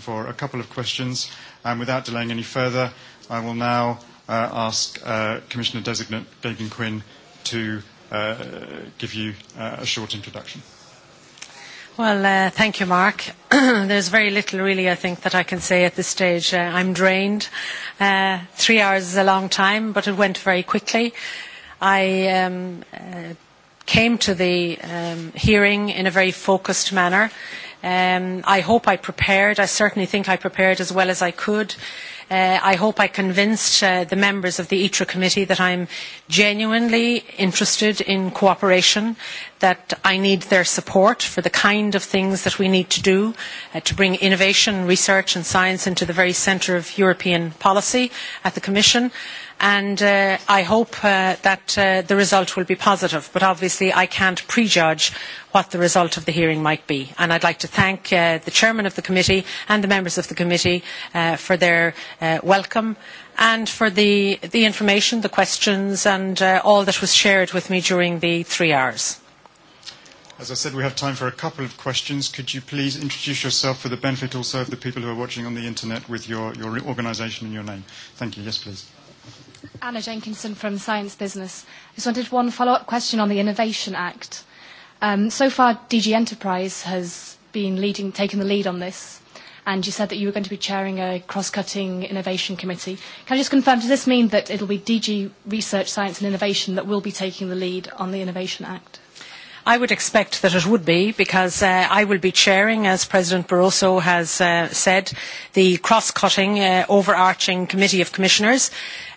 for a couple of questions. And without delaying any further, I will now uh, ask uh, Commissioner Designate Gagan Quinn to uh, give you uh, a short introduction. Well, uh, thank you, Mark. There's very little, really, I think, that I can say at this stage. Uh, I'm drained. Uh, three hours is a long time, but it went very quickly. I um, uh, came to the um, hearing in a very focused manner. Um, I hope I prepared. I certainly think I prepared as well as I could. Uh, I hope I convinced uh, the members of the ITRA committee that I'm genuinely interested in cooperation, that I need their support for the kind of things that we need to do uh, to bring innovation, research and science into the very centre of European policy at the Commission and uh, I hope uh, that uh, the result will be positive, but obviously I can't prejudge what the result of the hearing might be. And I'd like to thank uh, the chairman of the committee and the members of the committee uh, for their uh, welcome and for the, the information, the questions and uh, all that was shared with me during the three hours. As I said, we have time for a couple of questions. Could you please introduce yourself for the benefit also of the people who are watching on the internet with your, your organisation and your name? Thank you. Yes, please. Anna Jenkinson from Science Business. I just wanted one follow-up question on the Innovation Act. Um, so far, DG Enterprise has been leading, taking the lead on this, and you said that you were going to be chairing a cross-cutting innovation committee. Can I just confirm, does this mean that it'll be DG Research, Science and Innovation that will be taking the lead on the Innovation Act? I would expect that it would be because uh, I will be chairing, as President Barroso has uh, said, the cross-cutting, uh, overarching committee of commissioners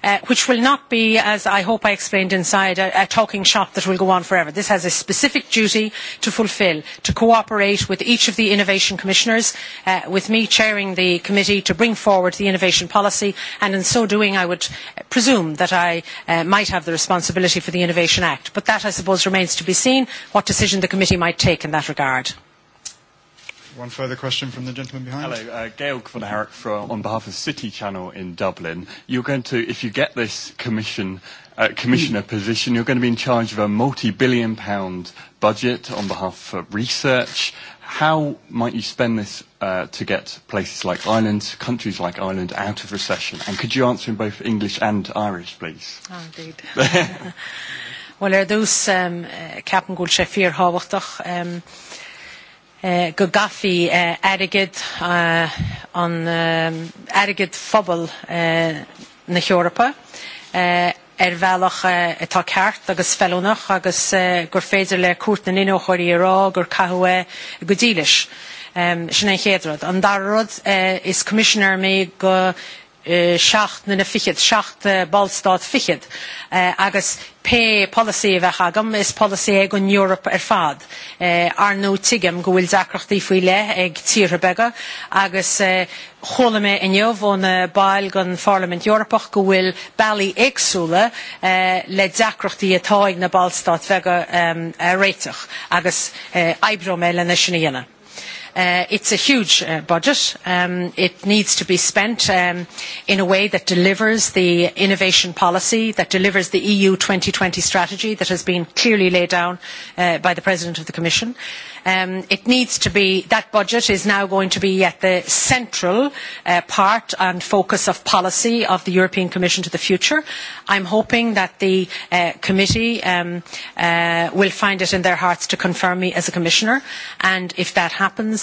Uh, which will not be, as I hope I explained inside, a, a talking shop that will go on forever. This has a specific duty to fulfil, to cooperate with each of the innovation commissioners, uh, with me chairing the committee to bring forward the innovation policy, and in so doing I would presume that I uh, might have the responsibility for the Innovation Act. But that, I suppose, remains to be seen, what decision the committee might take in that regard. One further question from the gentleman behind. Hello, uh, Gail van from, on behalf of City Channel in Dublin. You're going to, if you get this commission, uh, commissioner hmm. position, you're going to be in charge of a multi-billion pound budget on behalf of research. How might you spend this uh, to get places like Ireland, countries like Ireland, out of recession? And could you answer in both English and Irish, please? Oh, indeed. well, are those um, uh, Captain Gould Shafir Hawachtach, um, uh, eh, gaffi uh, eh, erigid uh, on um, erigid phobl uh, na Europa. Uh, er bhealach uh, atá ceart agus felúnach agus uh, gur féidir le cuat na inóchoirí rá gur cahua go um, sin é An darrod uh, is commissioner me go Eh, seach na na fichiid seach eh, ballstad fichiid eh, agus pe policy bheith is policy ag an Europe erfad. fad ar nó tigam go bhfuil dacrochtaí faoi le ag tíre bega agus chola mé inniu e bhóna bail gan Parliament Europe go bali bailí éagsúla le dacrochtaí atá ag na ballstad bega réiteach agus eibro mé le na Uh, it's a huge uh, budget. Um, it needs to be spent um, in a way that delivers the innovation policy, that delivers the EU 2020 strategy that has been clearly laid down uh, by the President of the Commission. Um, it needs to be, that budget is now going to be at the central uh, part and focus of policy of the European Commission to the future. I'm hoping that the uh, committee um, uh, will find it in their hearts to confirm me as a commissioner and if that happens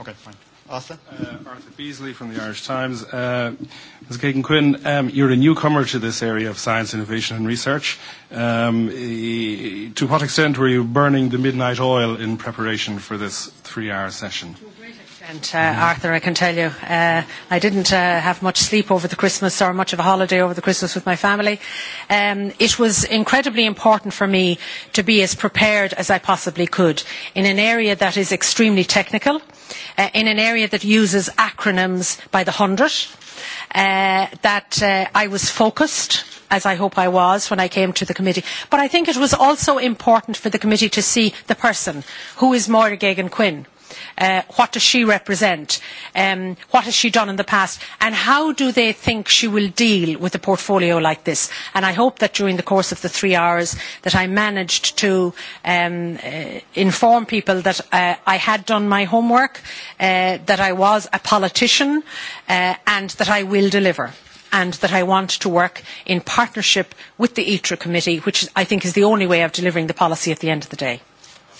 Okay, fine. Arthur? Uh, Arthur Beasley from the Irish Times. Uh, Ms. Kagan Quinn, um, you're a newcomer to this area of science, innovation and research. Um, e to what extent were you burning the midnight oil in preparation for this three-hour session? To a great extent. And, uh, mm-hmm. Arthur, I can tell you, uh, I didn't uh, have much sleep over the Christmas or much of a holiday over the Christmas with my family. Um, it was incredibly important for me to be as prepared as I possibly could in an area that is extremely technical, uh, in an area that uses acronyms by the hundred, uh, that uh, I was focused as I hope I was when I came to the committee. But I think it was also important for the committee to see the person, who is Maura Gagan Quinn Uh, what does she represent? Um, what has she done in the past? And how do they think she will deal with a portfolio like this? And I hope that during the course of the three hours that I managed to um, uh, inform people that uh, I had done my homework, uh, that I was a politician, uh, and that I will deliver and that I want to work in partnership with the ITRA e committee, which I think is the only way of delivering the policy at the end of the day.